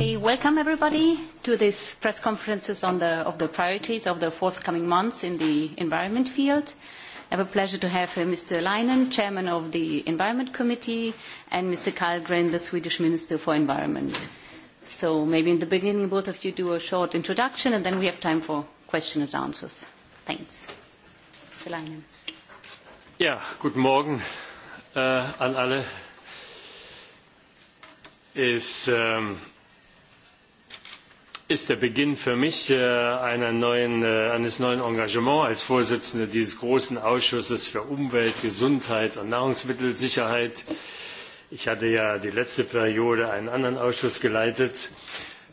Okay, welcome everybody to this press conferences on the, of the priorities of the forthcoming months in the environment field. I have a pleasure to have uh, Mr. Leinen, Chairman of the Environment Committee, and Mr. Karlgren, the Swedish Minister for Environment. So maybe in the beginning both of you do a short introduction and then we have time for questions and answers. Thanks. Mr. Leinen. Ja, guten Morgen äh, an alle. Ist, ähm, ist der Beginn für mich äh, neuen, äh, eines neuen Engagements als Vorsitzende dieses großen Ausschusses für Umwelt, Gesundheit und Nahrungsmittelsicherheit. Ich hatte ja die letzte Periode einen anderen Ausschuss geleitet.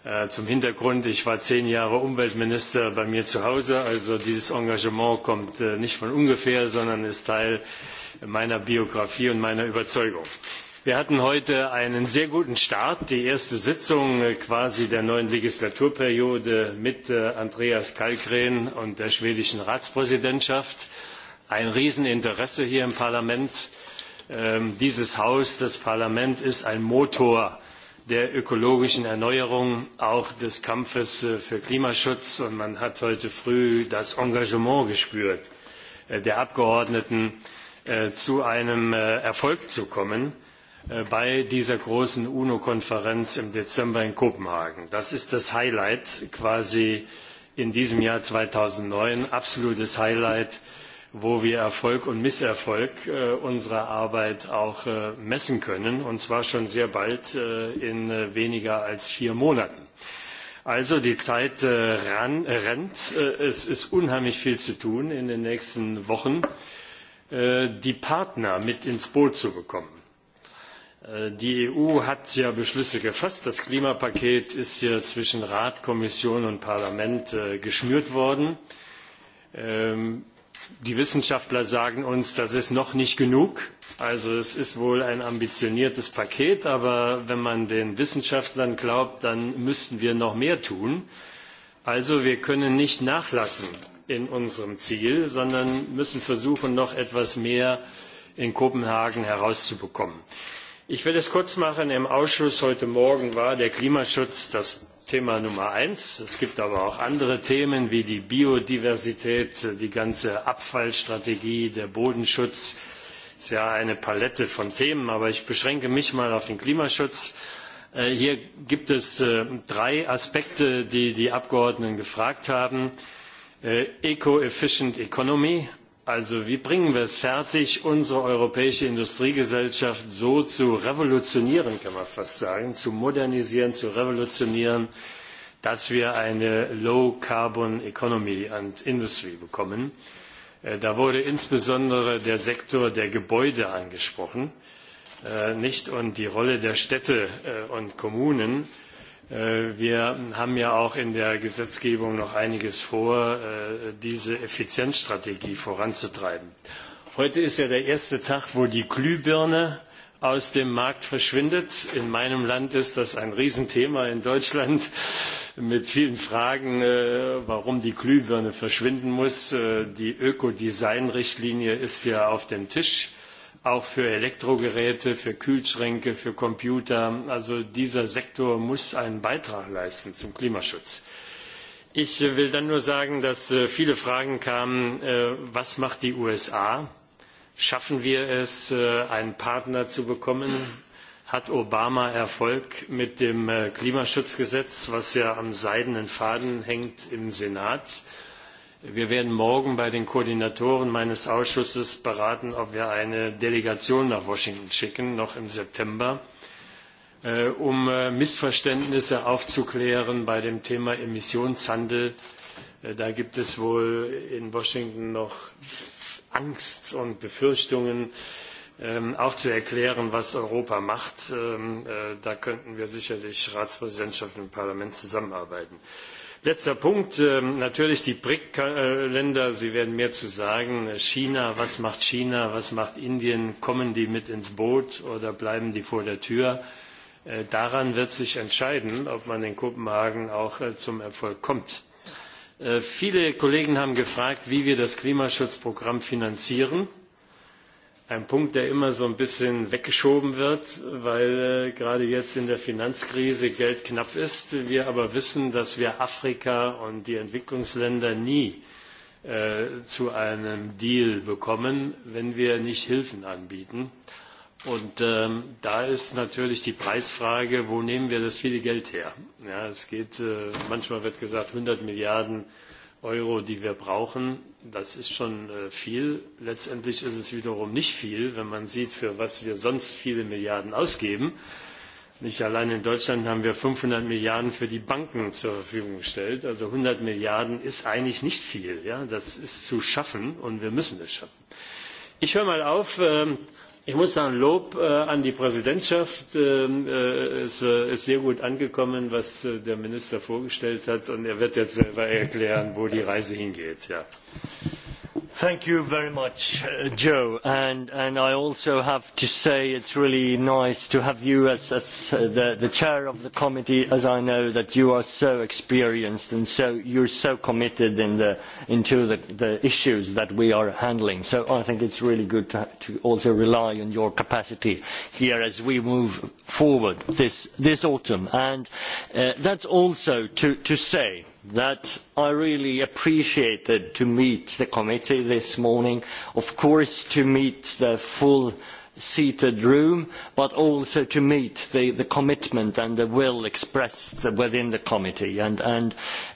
Äh, zum Hintergrund, ich war zehn Jahre Umweltminister bei mir zu Hause, also dieses Engagement kommt nicht von ungefähr, sondern ist Teil meiner Biografie und meiner Überzeugung. Wir hatten heute einen sehr guten Start, die erste Sitzung äh, quasi der neuen Legislaturperiode mit äh, Andreas Kalkren und der schwedischen Ratspräsidentschaft. Ein Rieseninteresse hier im Parlament. Ähm, dieses Haus, das Parlament, ist ein Motor der ökologischen Erneuerung, auch des Kampfes äh, für Klimaschutz. Und man hat heute früh das Engagement gespürt der Abgeordneten, zu einem Erfolg zu kommen. Äh, bei dieser großen UNO-Konferenz im Dezember in Kopenhagen. Das ist das Highlight quasi in diesem Jahr 2009, absolutes Highlight, wo wir Erfolg und Misserfolg äh, unserer Arbeit auch äh, messen können, und zwar schon sehr bald in weniger als vier Monaten. Also die Zeit ran, rennt, es ist unheimlich viel zu tun in den nächsten Wochen, die Partner mit ins Boot zu bekommen. Äh, die EU hat ja Beschlüsse gefasst. Das Klimapaket ist ja zwischen Rat, Kommission und Parlament äh, geschnürt worden. Ähm, die Wissenschaftler sagen uns, das ist noch nicht genug. Also es ist wohl ein ambitioniertes Paket, aber wenn man den Wissenschaftlern glaubt, dann müssten wir noch mehr tun. Also wir können nicht nachlassen in unserem Ziel, sondern müssen versuchen, noch etwas mehr in Kopenhagen herauszubekommen. Ich will es kurz machen. Im Ausschuss heute Morgen war der Klimaschutz das Thema Nummer eins. Es gibt aber auch andere Themen wie die Biodiversität, die ganze Abfallstrategie, der Bodenschutz. Das ist ja eine Palette von Themen, aber ich beschränke mich mal auf den Klimaschutz. Äh, hier gibt es äh, drei Aspekte, die die Abgeordneten gefragt haben. Äh, Eco-efficient Economy, Also wie bringen wir es fertig, unsere europäische Industriegesellschaft so zu revolutionieren, kann man fast sagen, zu modernisieren, zu revolutionieren, dass wir eine Low-Carbon-Economy and Industry bekommen. Äh, da wurde insbesondere der Sektor der Gebäude angesprochen, äh, nicht und die Rolle der Städte äh, und Kommunen. Äh, wir haben ja auch in der Gesetzgebung noch einiges vor, äh, diese Effizienzstrategie voranzutreiben. Heute ist ja der erste Tag, wo die Glühbirne aus dem Markt verschwindet. In meinem Land ist das ein Riesenthema in Deutschland mit vielen Fragen, äh, warum die Glühbirne verschwinden muss. Die Ökodesign-Richtlinie ist ja auf dem Tisch auch für Elektrogeräte, für Kühlschränke, für Computer. Also dieser Sektor muss einen Beitrag leisten zum Klimaschutz. Ich will dann nur sagen, dass äh, viele Fragen kamen, äh, was macht die USA? Schaffen wir es, äh, einen Partner zu bekommen? Hat Obama Erfolg mit dem Klimaschutzgesetz, was ja am seidenen Faden hängt im Senat? Wir werden morgen bei den Koordinatoren meines Ausschusses beraten, ob wir eine Delegation nach Washington schicken, noch im September, äh, um äh, Missverständnisse aufzuklären bei dem Thema Emissionshandel. Äh, da gibt es wohl in Washington noch Angst und Befürchtungen, ähm, auch zu erklären, was Europa macht. Ähm, äh, da könnten wir sicherlich Ratspräsidentschaft und Parlament zusammenarbeiten. Äh, Letzter Punkt, ähm, natürlich die BRIC-Länder, Sie werden mehr zu sagen, China, was macht China, was macht Indien, kommen die mit ins Boot oder bleiben die vor der Tür? Äh, daran wird sich entscheiden, ob man in Kopenhagen auch äh, zum Erfolg kommt. Äh, viele Kollegen haben gefragt, wie wir das Klimaschutzprogramm finanzieren ein Punkt, der immer so ein bisschen weggeschoben wird, weil äh, gerade jetzt in der Finanzkrise Geld knapp ist. Wir aber wissen, dass wir Afrika und die Entwicklungsländer nie äh, zu einem Deal bekommen, wenn wir nicht Hilfen anbieten. Und ähm, da ist natürlich die Preisfrage, wo nehmen wir das viele Geld her? Ja, es geht, äh, manchmal wird gesagt, 100 Milliarden Euro Euro, die wir brauchen, das ist schon äh, viel. Letztendlich ist es wiederum nicht viel, wenn man sieht, für was wir sonst viele Milliarden ausgeben. Nicht allein in Deutschland haben wir 500 Milliarden für die Banken zur Verfügung gestellt. Also 100 Milliarden ist eigentlich nicht viel. Ja? Das ist zu schaffen und wir müssen es schaffen. Ich höre mal auf. Ähm, Ich muss sagen, Lob äh, an die Präsidentschaft. Ähm, äh, ist, äh, ist sehr gut angekommen, was äh, der Minister vorgestellt hat. Und er wird jetzt selber erklären, wo die Reise hingeht. Ja. Thank you very much, uh, Joe. And, and I also have to say it's really nice to have you as, as uh, the, the chair of the committee, as I know that you are so experienced and so you're so committed in the, into the, the issues that we are handling. So I think it's really good to, to also rely on your capacity here as we move forward this, this autumn. And uh, that's also to, to say that I really appreciated to meet the committee this morning, of course to meet the full seated room, but also to meet the, the commitment and the will expressed within the committee. And, and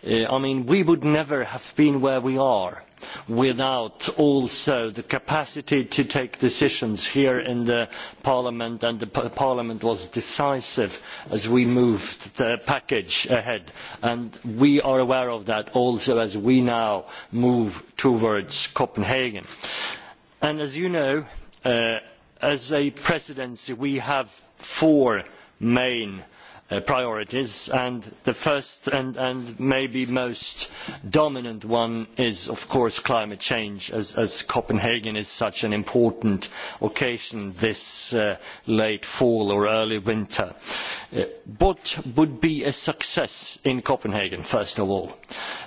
uh, I mean, we would never have been where we are without also the capacity to take decisions here in Parliament, and Parliament was decisive as we moved the package ahead. And we are aware of that also as we now move towards Copenhagen. And as you know, uh, as a presidency, we have four main uh, Uh, priorities and the first and, and maybe most dominant one is of course climate change as, as Copenhagen is such an important occasion this uh, late fall or early winter. Uh, what would be a success in Copenhagen first of all?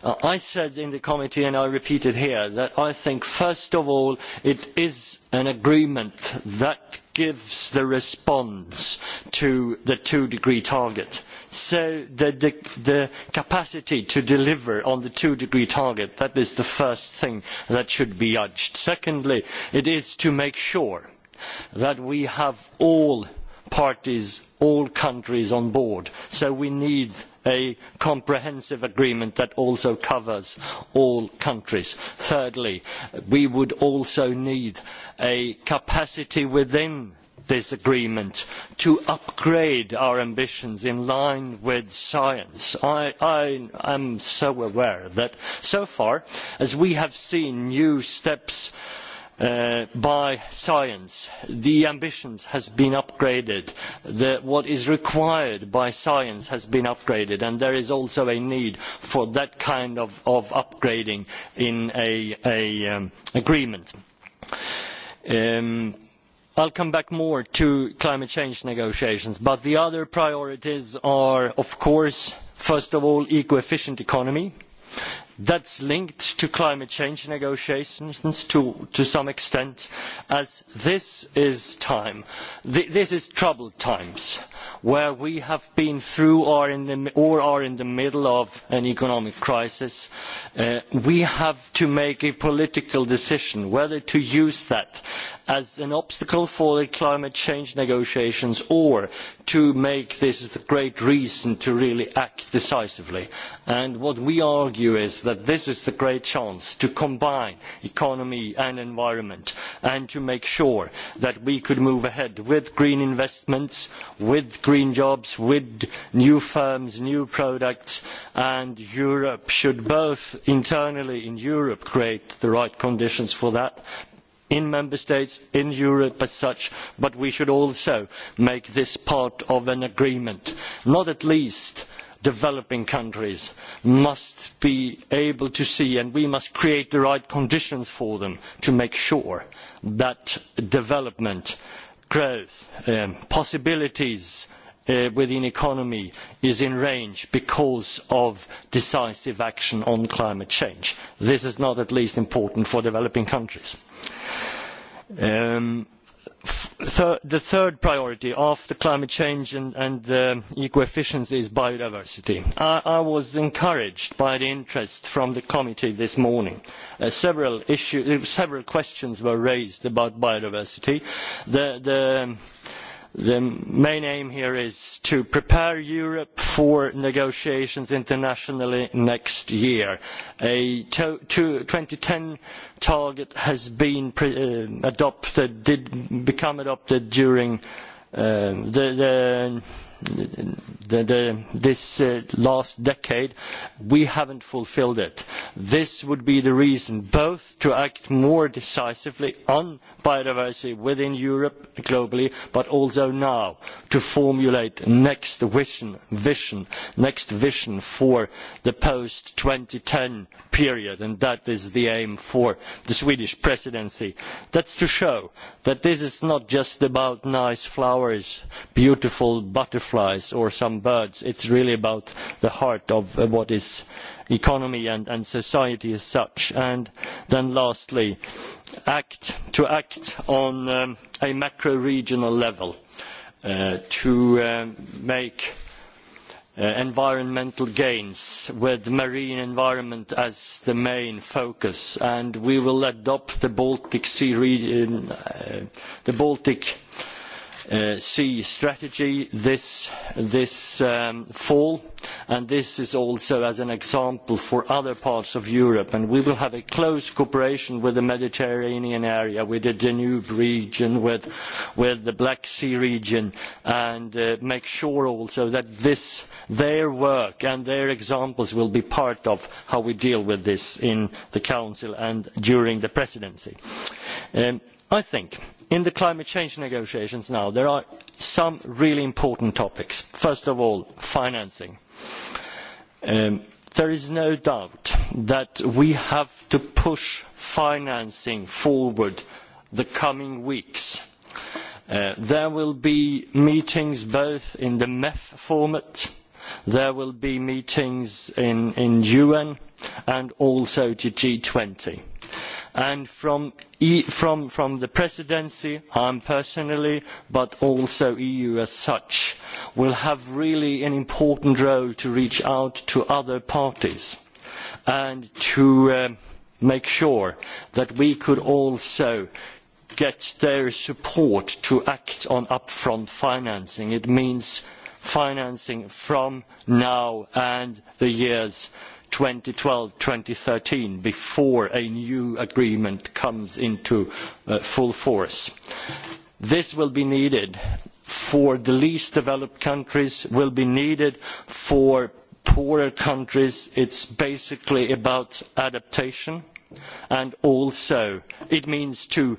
Uh, I said in the committee and I repeat it here that I think first of all it is an agreement that gives the response to the two degree target. So the, the, the capacity to deliver on the two degree target, that is the first thing that should be judged. Secondly, it is to make sure that we have all parties, all countries on board. So we need a comprehensive agreement that also covers all countries. Thirdly, we would also need a capacity within this agreement to upgrade our ambitions in line with science. I, I, am so aware that so far as we have seen new steps uh, Uh, by science. The ambitions have been upgraded. The, what is required by science has been upgraded, and there is also a need for that kind of, of upgrading in a, a um, agreement. Um, I'll come back more to climate change negotiations, but the other priorities are, of course, first of all, eco-efficient economy That is linked to climate change negotiations to, to, some extent, as this is time. this is troubled times, where we have been through or, in the, or are in the middle of an economic crisis. Uh, we have to make a political decision whether to use that as an obstacle for the climate change negotiations or to make this the great reason to really act decisively. And what we argue is that that this is the great chance to combine economy and environment and to make sure that we could move ahead with green investments, with green jobs, with new firms, new products, and Europe should both internally in Europe create the right conditions for that, in member states in europe as such but we should also make this part of an agreement not least developing countries must be able to see and we must create the right conditions for them to make sure that development, growth, um, possibilities uh, within economy is in range because of decisive action on climate change. This is not at least important for developing countries. Um, the third priority of the climate change and, and the eco efficiency is biodiversity. I, I was encouraged by the interest from the committee this morning. Uh, several, issue, several questions were raised about biodiversity. The, the, The main aim here is to prepare Europe for negotiations internationally next year. A to, to 2010 target has been pre, uh, adopted, did become adopted during uh, the, the the, the, this uh, last decade, we haven't fulfilled it. This would be the reason both to act more decisively on biodiversity within Europe globally, but also now to formulate next vision, vision next vision for the post ten period, and that is the aim for the Swedish presidency. That is to show that this is not just about nice flowers, beautiful butterflies, butterflies or some birds. It is really about the heart of uh, what is economy and, and society as such. And then lastly, act, to act on um, a macro-regional level uh, to um, make uh, environmental gains with marine environment as the main focus and we will adopt the Baltic Sea region, uh, the Baltic uh, Uh, sea strategy this, this um, fall, and this is also as an example for other parts of Europe. And we will have a close cooperation with the Mediterranean area, with the Danube region, with, with the Black Sea region, and uh, make sure also that this, their work and their examples will be part of how we deal with this in the Council and during the presidency. Um, I think in the climate change negotiations now, there are some really important topics. First of all, financing. Um, there is no doubt that we have to push financing forward the coming weeks. Uh, there will be meetings both in the MEF format, there will be meetings in, in UN and also to g twenty and from, e, from, from the presidency, I am personally, but also the EU as such, will have really an important role to reach out to other parties and to um, make sure that we could also get their support to act on upfront financing. It means financing from now and the years twelve 2012 thirteen before a new agreement comes into uh, full force. This will be needed for the least developed countries, will be needed for poorer countries. It is basically about adaptation and also it means to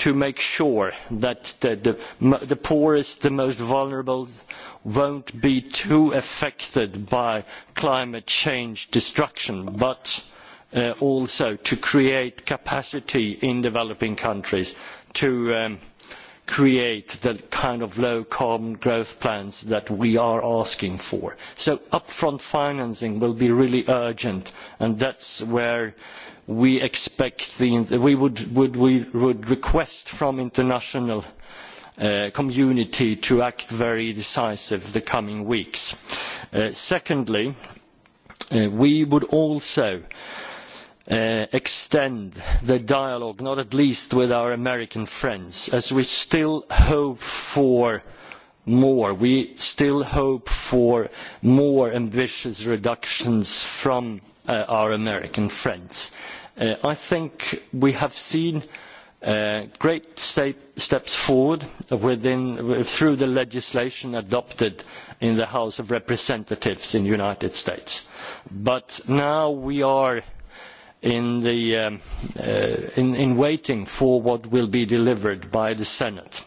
to make sure that the, the, the poorest, the most vulnerable won't be too affected by climate change destruction, but uh, also to create capacity in developing countries to um, create the kind of low carbon growth plans that we are asking for. So upfront financing will be really urgent, and that's where we expect the, we would, would, we would request from international uh, community to act very decisive the coming weeks. Uh, secondly, uh, we would also uh, extend the dialogue, not at least with our American friends, as we still hope for more. We still hope for more ambitious reductions from uh, our American friends. Uh, I think we have seen uh, great steps forward within, through the legislation adopted in the House of Representatives in the United States. But now we are in, the, um, uh, in, in waiting for what will be delivered by the Senate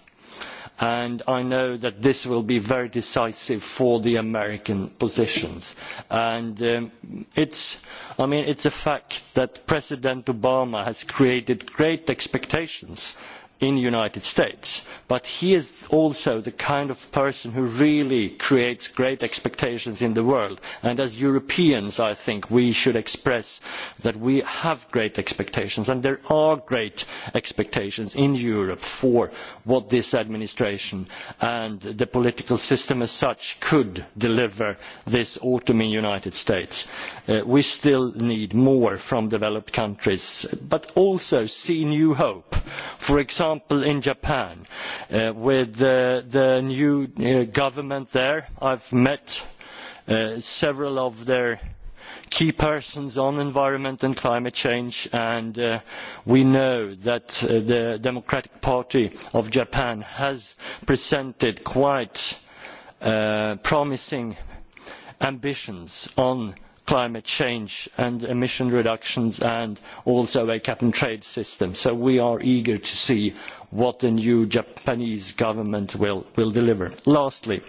and I know that this will be very decisive for the American positions. And um, it's, I mean, it's a fact that President Obama has created great expectations in the United States. But he is also the kind of person who really creates great expectations in the world. And as Europeans, I think we should express that we have great expectations. And there are great expectations in Europe for what this administration and the political system as such could deliver this autumn in the United States. Uh, we still need more from developed countries, but also see new hope. For example, example in Japan uh, with the, the new uh, government there. I've met uh, several of their key persons on environment and climate change and uh, we know that uh, the Democratic Party of Japan has presented quite uh, promising ambitions on climate change and emission reductions and also a cap and trade system. So we are eager to see what the new Japanese government will, will deliver. Lastly,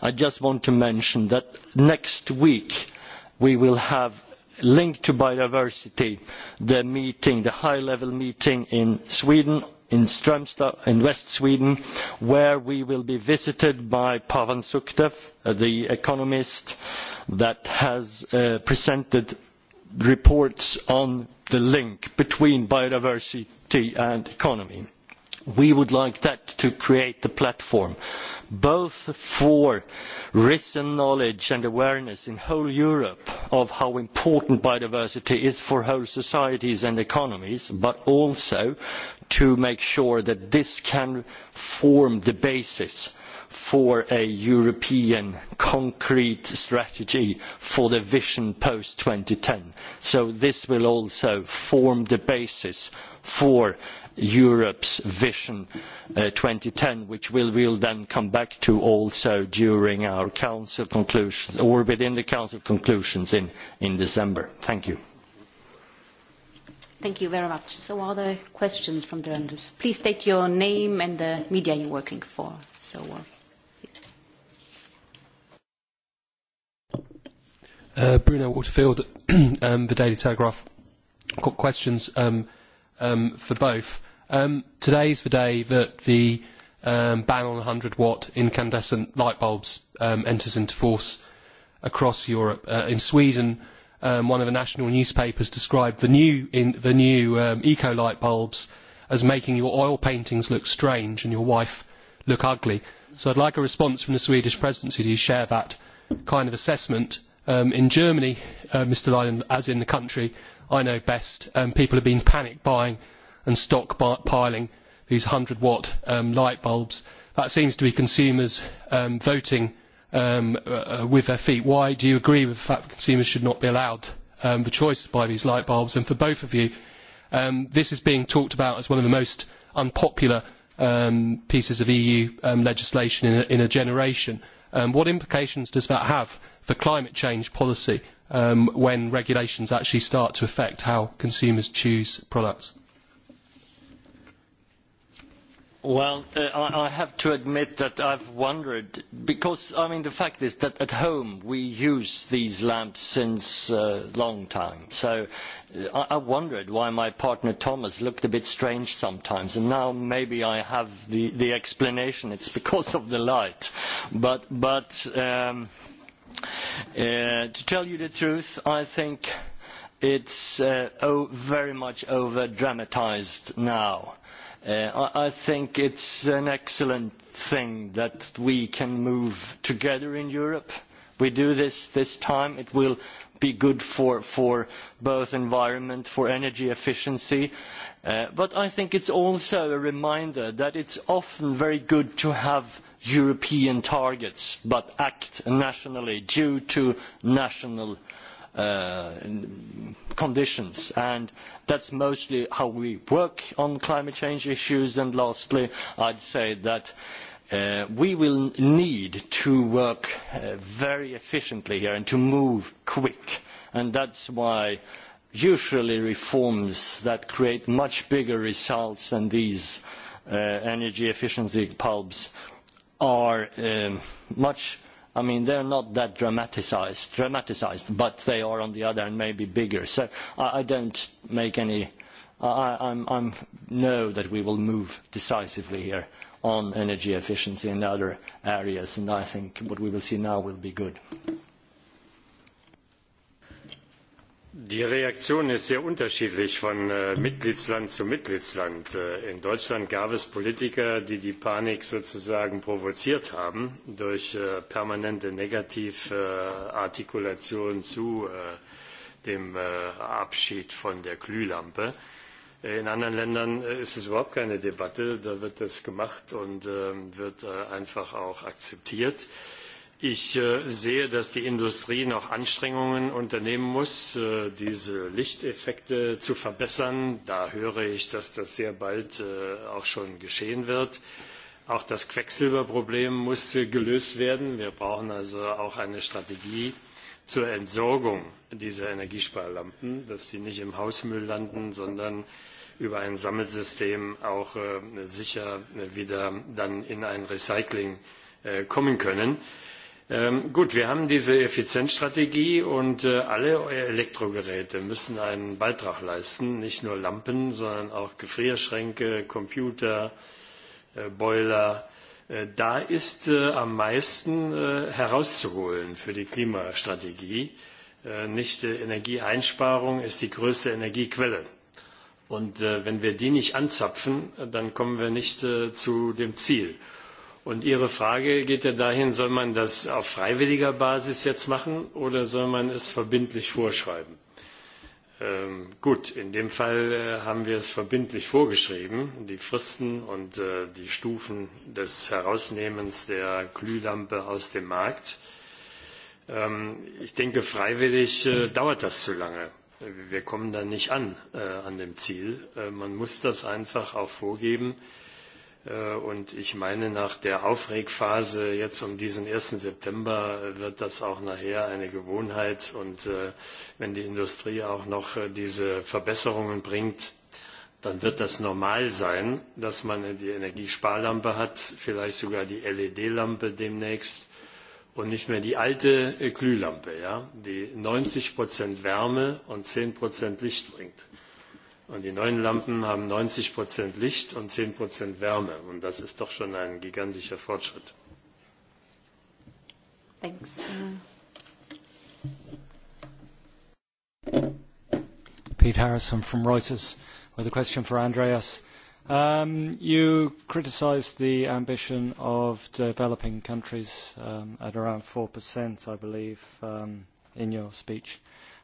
I just want to mention that next week we will have linked to biodiversity the meeting, the high level meeting in Sweden in Strömstad in West Sweden, where we will be visited by Pavan Suktev, uh, the economist that has uh, presented reports on the link between biodiversity and economy we would like that to create the platform both for risen knowledge and awareness in whole Europe of how important biodiversity is for whole societies and economies but also to make sure that this can form the basis for a European concrete strategy for the vision post ten. So this will also form the basis for Europe's Vision uh, ten, which we will we'll then come back to also during our council conclusions or within the council conclusions in, in December. Thank you. Thank you very much. So are there questions from the members? Please state your name and the media you're working for. So, uh, uh, Bruno Waterfield, um, The Daily Telegraph. Got questions. Um, um, for both. Um, today's the day that the um, ban on 100 watt incandescent light bulbs um, enters into force across Europe. Uh, in Sweden, um, one of the national newspapers described the new, in, the new um, eco light bulbs as making your oil paintings look strange and your wife look ugly. So I'd like a response from the Swedish presidency. Do you share that kind of assessment? Um, in Germany, uh, Mr. Leiden, as in the country, I know best, um, people have been panic buying and stockpiling these 100 watt um, light bulbs. That seems to be consumers um, voting um, uh, uh, with their feet. Why do you agree with the fact that consumers should not be allowed um, the choice to buy these light bulbs? And for both of you, um, this is being talked about as one of the most unpopular um, pieces of EU um, legislation in a, in a generation. Um, what implications does that have for climate change policy um, when regulations actually start to affect how consumers choose products? Well, uh, I, I have to admit that I've wondered, because, I mean, the fact is that at home we use these lamps since a uh, long time. So uh, I, I wondered why my partner Thomas looked a bit strange sometimes, and now maybe I have the, the explanation. It's because of the light. But, but um, Uh, to tell you the truth, I think it's uh, oh, very much over-dramatized now. Uh, I, I think it's an excellent thing that we can move together in Europe. We do this this time. It will be good for, for both environment, for energy efficiency. Uh, but I think it's also a reminder that it's often very good to have European targets but act nationally due to national uh, conditions and that's mostly how we work on climate change issues and lastly I'd say that uh, we will need to work uh, very efficiently here and to move quick and that's why usually reforms that create much bigger results than these uh, energy efficiency pubs are um, much, I mean, they're not that dramatized, dramatized, but they are on the other and maybe bigger. So I, I don't make any, I, I'm, I'm know that we will move decisively here on energy efficiency in other areas, and I think what we will see now will be good. Die Reaktion ist sehr unterschiedlich von äh, Mitgliedsland zu Mitgliedsland. Äh, in Deutschland gab es Politiker, die die Panik sozusagen provoziert haben durch äh, permanente Negativartikulation äh, zu äh, dem äh, Abschied von der Glühlampe. In anderen Ländern ist es überhaupt keine Debatte, da wird das gemacht und ähm, wird einfach auch akzeptiert. Äh, Ich äh, sehe, dass die Industrie noch Anstrengungen unternehmen muss, äh, diese Lichteffekte zu verbessern. Da höre ich, dass das sehr bald äh, auch schon geschehen wird. Auch das Quecksilberproblem muss gelöst werden. Wir brauchen also auch eine Strategie zur Entsorgung dieser Energiesparlampen, dass die nicht im Hausmüll landen, sondern über ein Sammelsystem auch sicher wieder dann in ein Recycling kommen können. Ähm, gut, wir haben diese Effizienzstrategie und äh, alle Elektrogeräte müssen einen Beitrag leisten, nicht nur Lampen, sondern auch Gefrierschränke, Computer, äh, Boiler. Äh, da ist äh, am meisten äh, herauszuholen für die Klimastrategie. Äh, nicht äh, Energieeinsparung ist die größte Energiequelle. Und äh, wenn wir die nicht anzapfen, dann kommen wir nicht äh, zu dem Ziel. Und Ihre Frage geht ja dahin, soll man das auf freiwilliger Basis jetzt machen oder soll man es verbindlich vorschreiben? Ähm, gut, in dem Fall äh, haben wir es verbindlich vorgeschrieben, die Fristen und äh, die Stufen des Herausnehmens der Glühlampe aus dem Markt. Ähm, ich denke, freiwillig äh, dauert das zu lange. Wir kommen da nicht an, äh, an dem Ziel. Äh, man muss das einfach auch vorgeben. Äh, Äh, und ich meine, nach der Aufregphase jetzt um diesen 1. September wird das auch nachher eine Gewohnheit. Und äh, wenn die Industrie auch noch äh, diese Verbesserungen bringt, dann wird das normal sein, dass man die Energiesparlampe hat, vielleicht sogar die LED-Lampe demnächst und nicht mehr die alte Glühlampe, ja, die 90 Prozent Wärme und 10 Prozent Licht bringt. Und die neuen Lampen haben 90 Prozent Licht und 10 Prozent Wärme. Und das ist doch schon ein gigantischer Fortschritt. Thanks. Pete Harrison from Reuters with a question for Andreas. Um, you criticized the ambition of developing countries um, at around 4%, I believe, um, in your speech.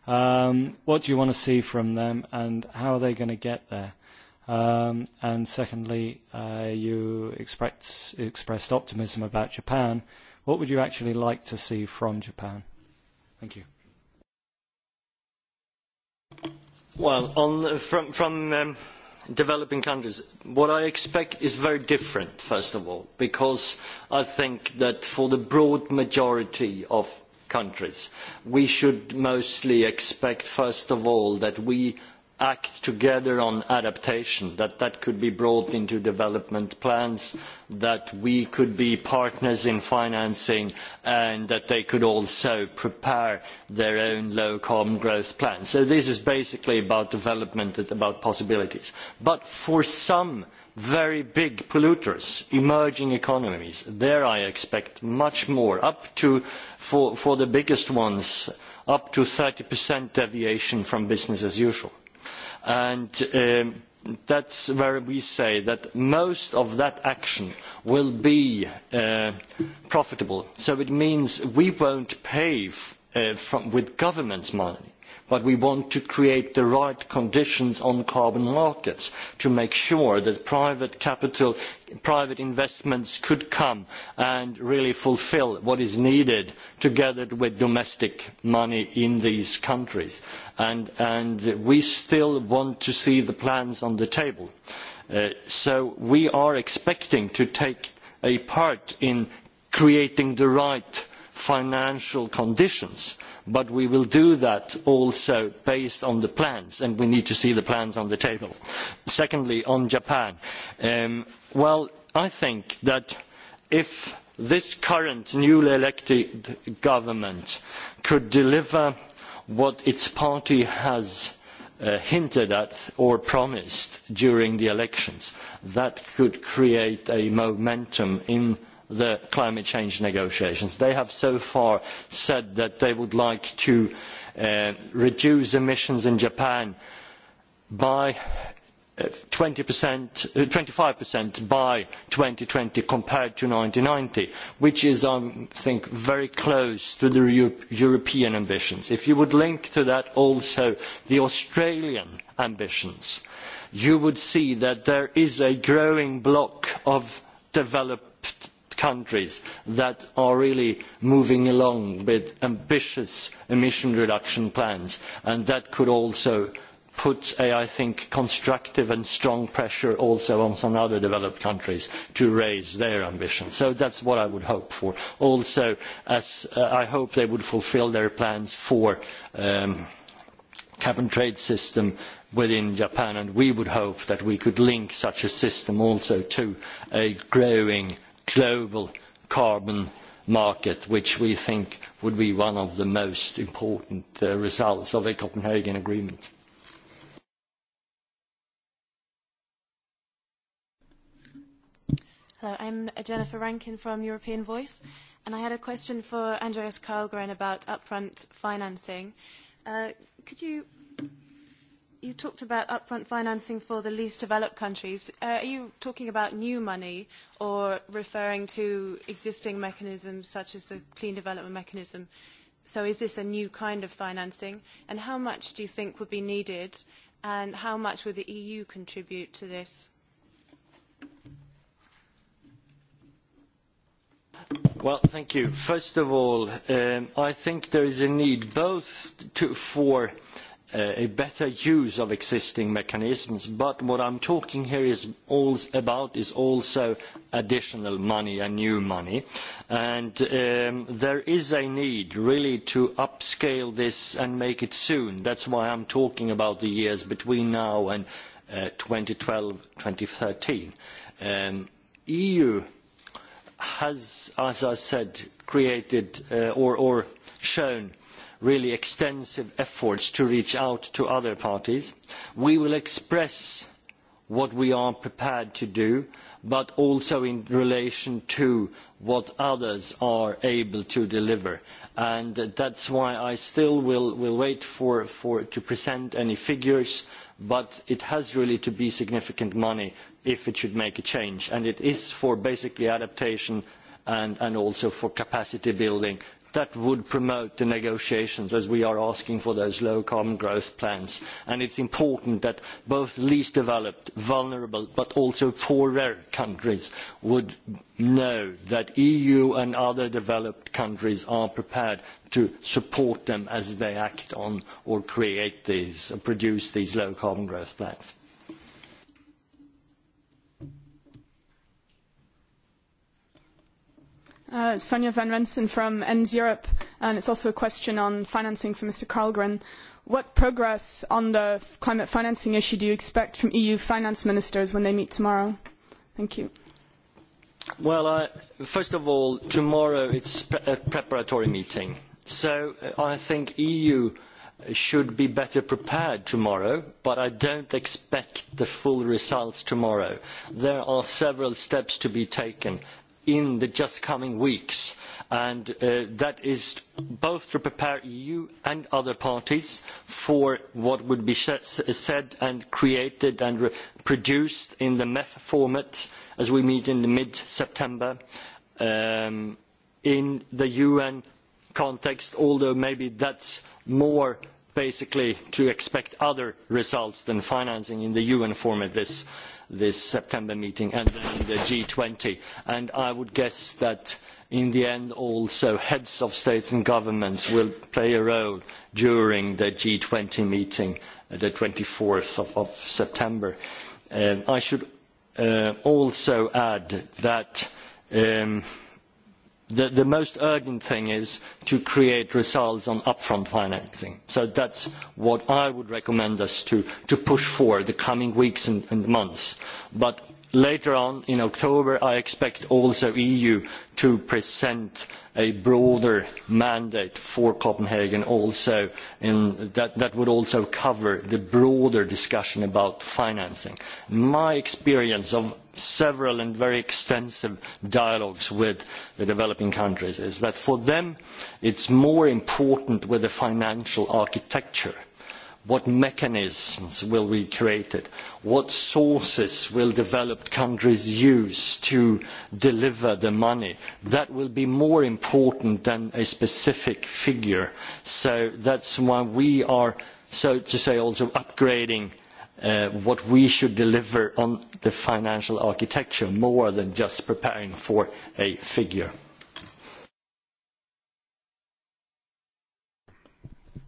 Um, what do you want to see from them and how are they going to get there? Um, and secondly, uh, you expect, expressed optimism about Japan. What would you actually like to see from Japan? Thank you. Well, on, the from, from um, developing countries, what I expect is very different, first of all, because I think that for the broad majority of countries. We should mostly expect, first of all, that we act together on adaptation, that that could be brought into development plans, that we could be partners in financing, and that they could also prepare their own low-carbon growth plans. So this is basically about development, and about possibilities. But for some very big polluters, emerging economies. There I expect much more, up to, for, for the biggest ones, up to 30% deviation from business as usual. And um, that's where we say that most of that action will be uh, profitable. So it means we won't pay f uh, from, with government money but we want to create the right conditions on carbon markets to make sure that private capital, private investments could come and really fulfil what is needed together with domestic money in these countries. And, and we still want to see the plans on the table. Uh, so we are expecting to take a part in creating the right financial conditions but we will do that also based on the plans, and we need to see the plans on the table. Secondly, on Japan, um, well, I think that if this current newly elected government could deliver what its party has Uh, hinted at or promised during the elections. That could create a momentum in the climate change negotiations. They have so far said that they would like to uh, reduce emissions in Japan by 20%, uh, 25% uh, by twenty compared to ninety, which is, I think, very close to the Euro European ambitions. If you would link to that also the Australian ambitions, you would see that there is a growing block of developed countries that are really moving along with ambitious emission reduction plans and that could also put a, I think, constructive and strong pressure also on some other developed countries to raise their ambitions. So that is what I would hope for. Also, as, uh, I hope they would fulfil their plans for um, cap and trade system within Japan, and we would hope that we could link such a system also to a growing global carbon market, which we think would be one of the most important uh, results of a Copenhagen Agreement. Hello, I'm Jennifer Rankin from European Voice, and I had a question for Andreas Karlgren about upfront financing. Uh, could you you talked about upfront financing for the least developed countries. Uh, are you talking about new money or referring to existing mechanisms such as the clean development mechanism? So is this a new kind of financing? And how much do you think would be needed? And how much would the EU contribute to this? Well, thank you. First of all, um, I think there is a need both to, for uh, Uh, a better use of existing mechanisms. But what I am talking here is about is also additional money and new money. And um, there is a need really to upscale this and make it soon. That is why I am talking about the years between now and uh, 2012, 2013. Um, EU has, as I said, created uh, or, or shown really extensive efforts to reach out to other parties. We will express what we are prepared to do, but also in relation to what others are able to deliver. And that's why I still will, will wait for, for, to present any figures, but it has really to be significant money if it should make a change. And it is for basically adaptation and, and also for capacity building that would promote the negotiations as we are asking for those low carbon growth plans. And it is important that both least developed, vulnerable, but also poorer countries would know that the EU and other developed countries are prepared to support them as they act on or create these, or produce these low carbon growth plans. Uh, Sonja van Rensen from ENDS Europe, and it's also a question on financing for Mr. Karlgren. What progress on the climate financing issue do you expect from EU finance ministers when they meet tomorrow? Thank you. Well, uh, first of all, tomorrow it's pre a preparatory meeting. So uh, I think EU should be better prepared tomorrow, but I don't expect the full results tomorrow. There are several steps to be taken in the just coming weeks. And uh, that is both to prepare the EU and other parties for what would be said and created and produced in the MEF format as we meet in mid-September um, in the UN context, although maybe that is more basically to expect other results than financing in the UN format this. Uh, this September meeting and then the g twenty, And I would guess that in the end also heads of states and governments will play a role during the g twenty meeting, on uh, the 24th of, of September. Um, I should uh, also add that um, the, the most urgent thing is to create results on upfront financing. So that's what I would recommend us to, to push for the coming weeks and, and months. But later on in October, I expect also the EU to present a broader mandate for Copenhagen also, and that, that would also cover the broader discussion about financing. My experience of several and very extensive dialogues with the developing countries is that for them it is more important with the financial architecture. What mechanisms will be created? What sources will developed countries use to deliver the money? That will be more important than a specific figure. So that is why we are, so to say, also upgrading uh, what we should deliver on the financial architecture more than just preparing for a figure.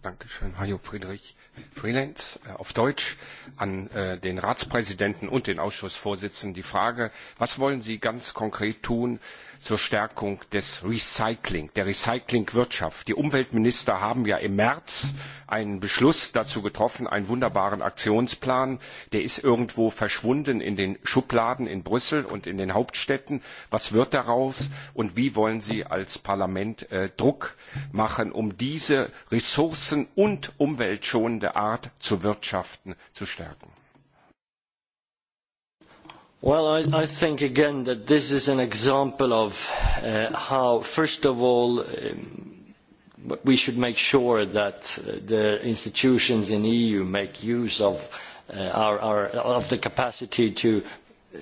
Dankeschön, Hajo Friedrich. Freelance äh, auf Deutsch an äh, den Ratspräsidenten und den Ausschussvorsitzenden die Frage, was wollen Sie ganz konkret tun zur Stärkung des Recycling, der Recyclingwirtschaft? Die Umweltminister haben ja im März einen Beschluss dazu getroffen, einen wunderbaren Aktionsplan. Der ist irgendwo verschwunden in den Schubladen in Brüssel und in den Hauptstädten. Was wird daraus und wie wollen Sie als Parlament äh, Druck machen, um diese ressourcen- und Umweltschonen bestehende Art zu wirtschaften zu stärken. Well, I, I think again that this is an example of uh, how, first of all, um, we should make sure that uh, the institutions in the EU make use of, uh, our, our, of the capacity to Uh,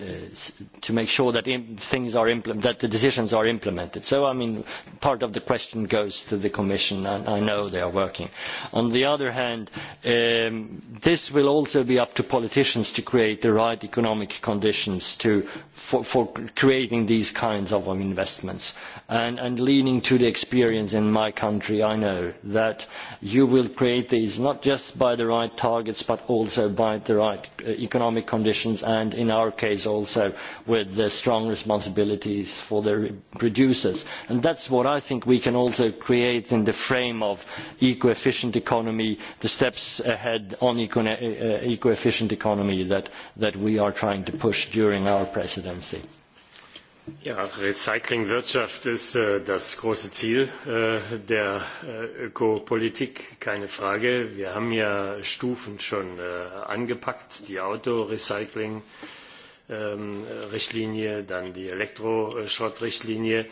to make sure that things are that the decisions are implemented. So, I mean, part of the question goes to the Commission, and I know they are working. On the other hand, um, this will also be up to politicians to create the right economic conditions to, for, for creating these kinds of um, investments. And, and leaning to the experience in my country, I know that you will create these not just by the right targets, but also by the right uh, economic conditions, and in our case, countries also with the strong responsibilities for their producers. And is what I think we can also create in the frame of eco-efficient economy, the steps ahead on uh, eco-efficient economy that, that we are trying to push during our presidency. Ja, Recyclingwirtschaft ist äh, das große Ziel äh, der äh, Ökopolitik, keine Frage. Wir haben ja Stufen schon äh, angepackt, die Autorecycling, recycling Ähm, Richtlinie, dann die Elektroschrottrichtlinie.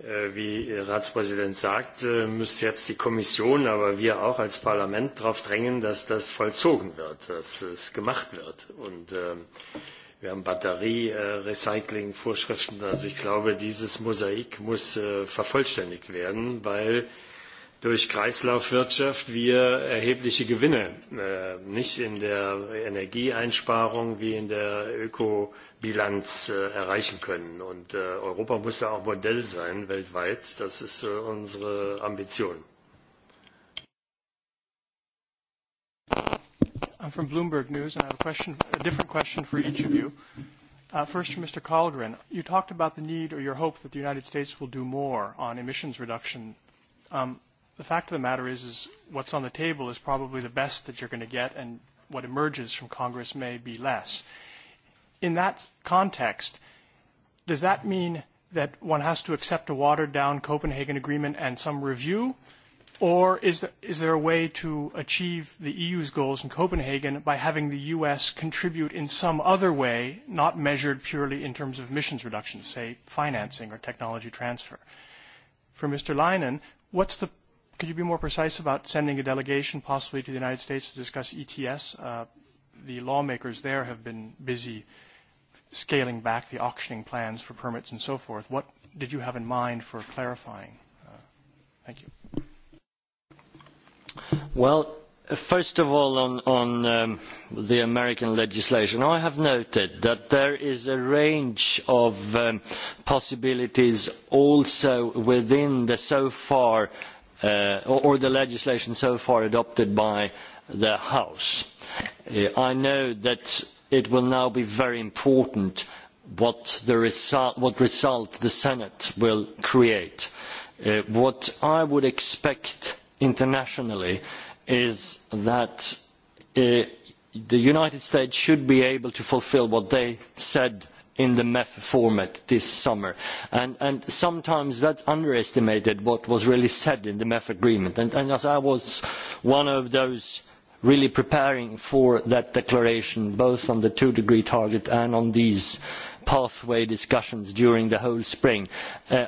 Äh, wie Ratspräsident sagt, äh, muss jetzt die Kommission, aber wir auch als Parlament darauf drängen, dass das vollzogen wird, dass es gemacht wird. Und ähm, wir haben Batterie-Recycling-Vorschriften. Äh, also ich glaube, dieses Mosaik muss vervollständigt werden, weil durch Kreislaufwirtschaft wir erhebliche Gewinne, äh, nicht in der Energieeinsparung wie in der Ökobilanz äh, erreichen können. Und äh, Europa muss da auch Modell sein weltweit. Das ist äh, unsere Ambition. I'm from Bloomberg News and I have a question, a different question for each of you. Uh, first, for Mr. Colgren, you talked about the need or your hope that the United States will do more on emissions reduction. Um, the fact of the matter is, is what's on the table is probably the best that you're going to get, and what emerges from Congress may be less. In that context, does that mean that one has to accept a watered-down Copenhagen Agreement and some review, or is there, is there a way to achieve the EU's goals in Copenhagen by having the U.S. contribute in some other way, not measured purely in terms of emissions reduction, say financing or technology transfer? For Mr. Leinen, what's the could you be more precise about sending a delegation possibly to the United States to discuss ETS? Uh, the lawmakers there have been busy scaling back the auctioning plans for permits and so forth. What did you have in mind for clarifying? Uh, thank you. Well, first of all, on, on um, the American legislation, I have noted that there is a range of um, possibilities also within the so far uh, or, or the legislation so far adopted by the House. Uh, I know that it will now be very important what, the result, what result the Senate will create. Uh, what I would expect internationally is that uh, the United States should be able to fulfil what they said in the MEF format this summer. And, and sometimes that underestimated what was really said in the MEF agreement. And, and as I was one of those really preparing for that declaration, both on the two degree target and on these pathway discussions during the whole spring, uh,